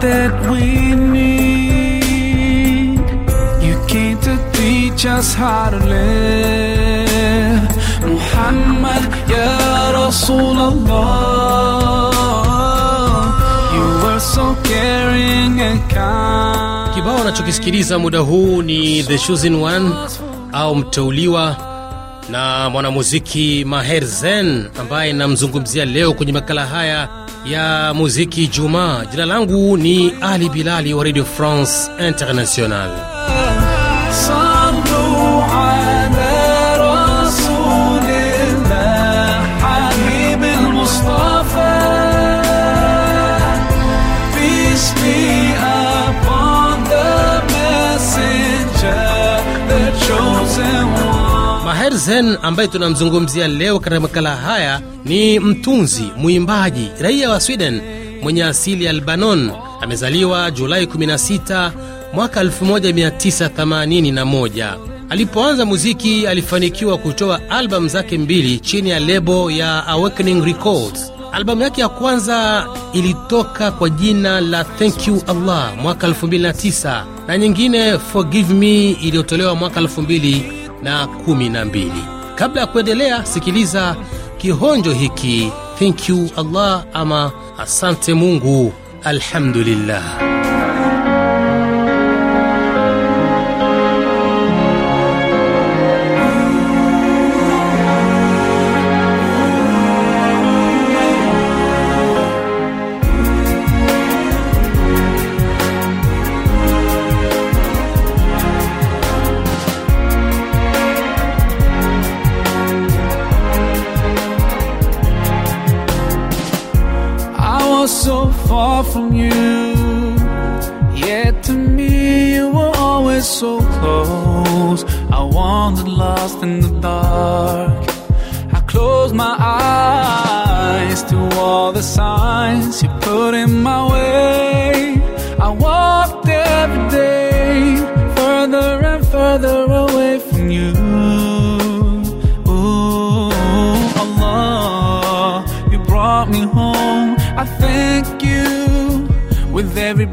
that we need. You came to teach us how to live. Muhammad, Ya Rasulallah. You were so caring and kind. Kibao unachokisikiliza muda huu ni The Chosen One au mteuliwa na mwanamuziki Maher Zen ambaye namzungumzia leo kwenye makala haya ya muziki juma Jina langu ni Ali Bilali wa Radio France International. Maher ambaye tunamzungumzia leo katika makala haya ni mtunzi, mwimbaji, raia wa Sweden mwenye asili ya Lebanon. Amezaliwa Julai 16 mwaka 1981. Alipoanza muziki, alifanikiwa kutoa albamu zake mbili chini ya lebo ya Awakening Records. Albamu yake ya kwanza ilitoka kwa jina la Thank You Allah mwaka 2009 na nyingine Forgive Me iliyotolewa mwaka 2000 na 12. Kabla ya kuendelea, sikiliza kihonjo hiki, thank you Allah ama asante Mungu, alhamdulillah. from you. Yet to me, you were always so close. I wandered lost in the dark. I closed my eyes to all the signs you put in my way. I walked every day further and further away from you. Ooh, Allah, you brought me home. very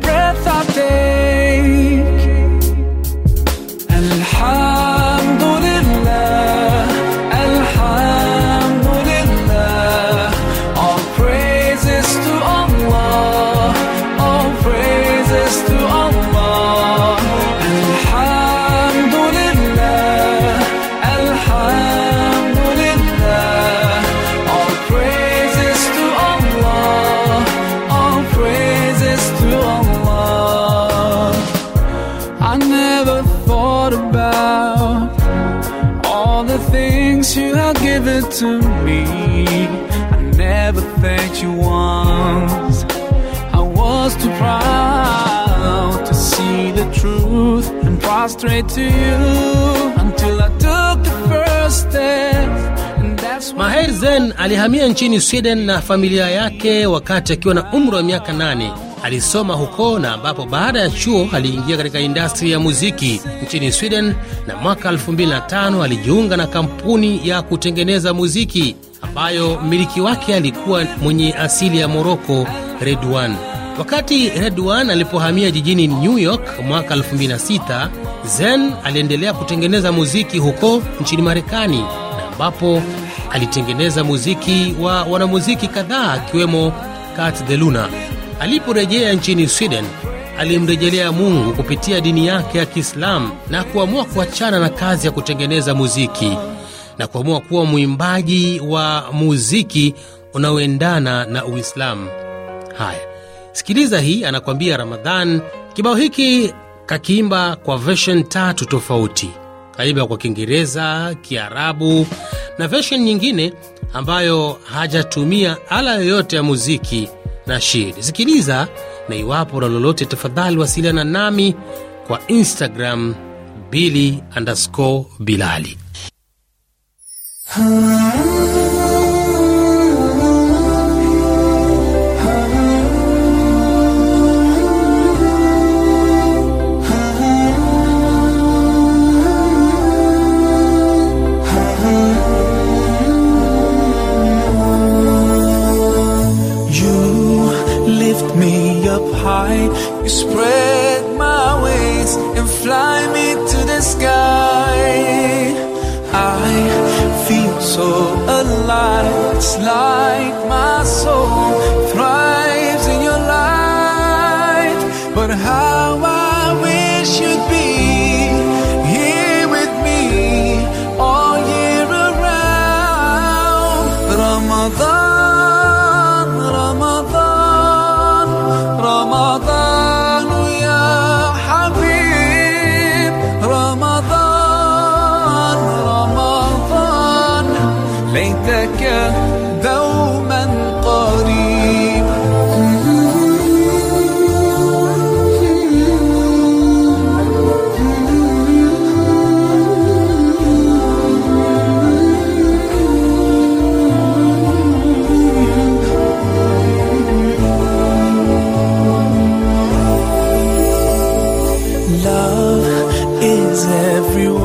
to me. I never thanked you once. I was too proud to see the truth and prostrate to you until I took the first step. Maher Zen alihamia nchini Sweden na familia yake wakati akiwa na umri wa miaka nane alisoma huko na ambapo baada ya chuo aliingia katika indastri ya muziki nchini Sweden, na mwaka 2005 alijiunga na kampuni ya kutengeneza muziki ambayo mmiliki wake alikuwa mwenye asili ya Moroko, Redwan. Wakati Redwan alipohamia jijini New York mwaka 2006, Zen aliendelea kutengeneza muziki huko nchini Marekani na ambapo alitengeneza muziki wa wanamuziki kadhaa akiwemo Kat De Luna. Aliporejea nchini Sweden, alimrejelea Mungu kupitia dini yake ya Kiislamu na kuamua kuachana na kazi ya kutengeneza muziki na kuamua kuwa mwimbaji wa muziki unaoendana na Uislamu. Haya, sikiliza hii, anakuambia Ramadhan. Kibao hiki kakiimba kwa version tatu tofauti, kaimba kwa Kiingereza, Kiarabu na version nyingine ambayo hajatumia ala yoyote ya muziki Rashid. Sikiliza na iwapo na lolote, tafadhali wasiliana nami kwa Instagram bili underscore bilali ah. But how I wish you'd be.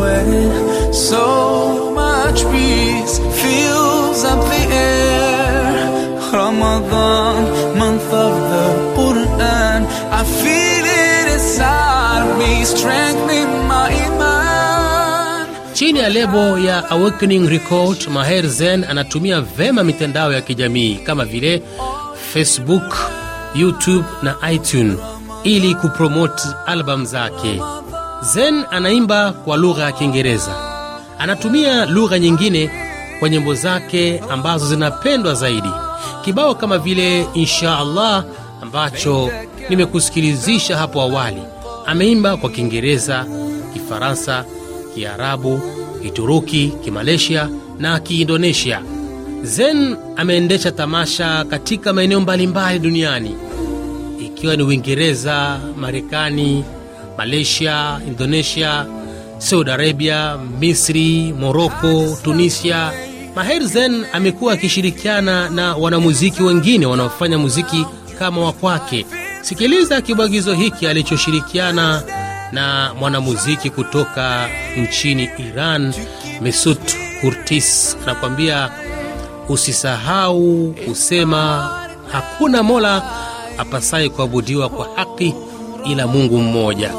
when so much peace fills up the air. Ramadan, month of the Quran, I feel it inside me, strengthening my iman. Chini ya lebo ya Awakening Record, Maher Zen anatumia vema mitandao ya kijamii kama vile Facebook, YouTube na iTunes ili kupromote albamu zake. Zen anaimba kwa lugha ya Kiingereza, anatumia lugha nyingine kwa nyimbo zake ambazo zinapendwa zaidi. Kibao kama vile insha Allah ambacho nimekusikilizisha hapo awali, ameimba kwa Kiingereza, Kifaransa, Kiarabu, Kituruki, Kimalaysia na Kiindonesia. Zen ameendesha tamasha katika maeneo mbalimbali duniani ikiwa ni Uingereza, Marekani, Malaysia, Indonesia, Saudi Arabia, Misri, Moroko, Tunisia. Maher zen amekuwa akishirikiana na wanamuziki wengine wanaofanya muziki kama wa kwake. Sikiliza kibwagizo hiki alichoshirikiana na mwanamuziki kutoka nchini Iran, Mesut Kurtis, anakuambia usisahau kusema hakuna mola apasaye kuabudiwa kwa haki ila Mungu mmoja.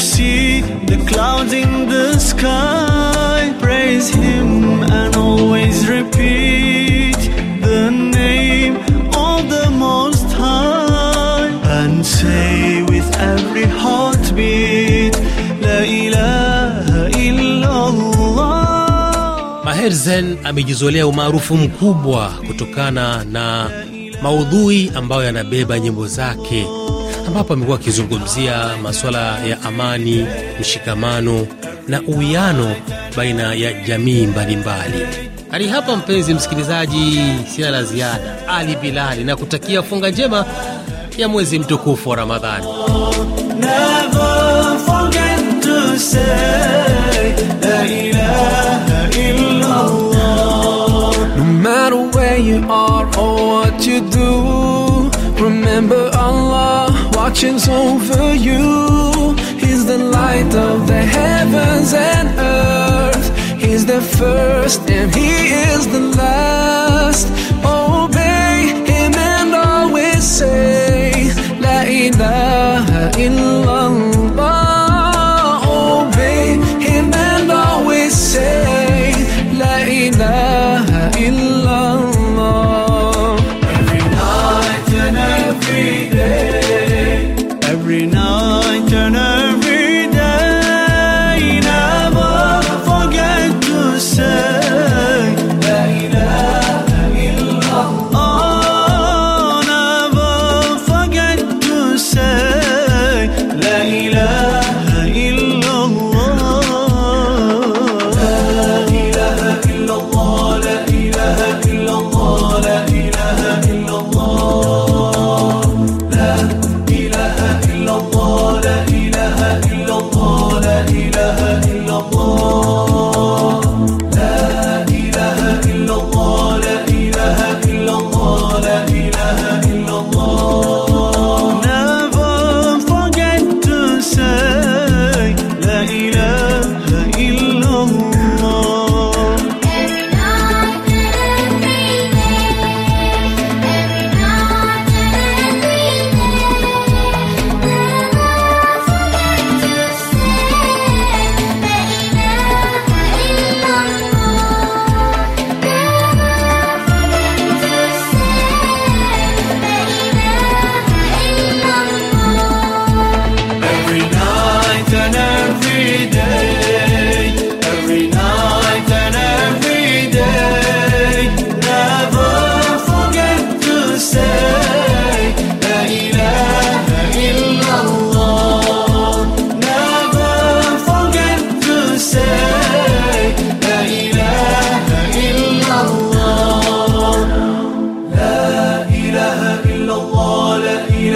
see the clouds in the sky. Praise Him and always repeat the name of the Most High. And say with every heartbeat, La ilaha illallah. Maher Zain amejizolea umaarufu mkubwa kutokana na maudhui ambayo yanabeba nyimbo zake ambapo amekuwa akizungumzia masuala ya amani, mshikamano na uwiano baina ya jamii mbalimbali. Hadi hapa, mpenzi msikilizaji, sina la ziada. Ali Bilali na kutakia funga njema ya mwezi mtukufu wa Ramadhani. watches over you. He's the light of the heavens and earth. He's the first and he is the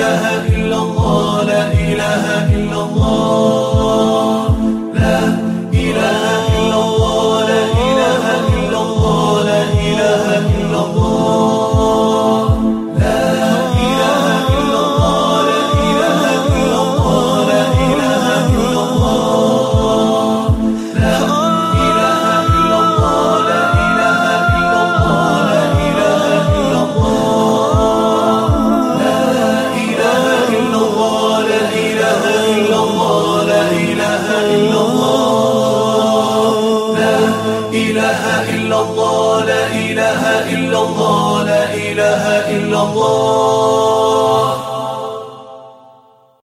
إله إلا الله لا إله إلا الله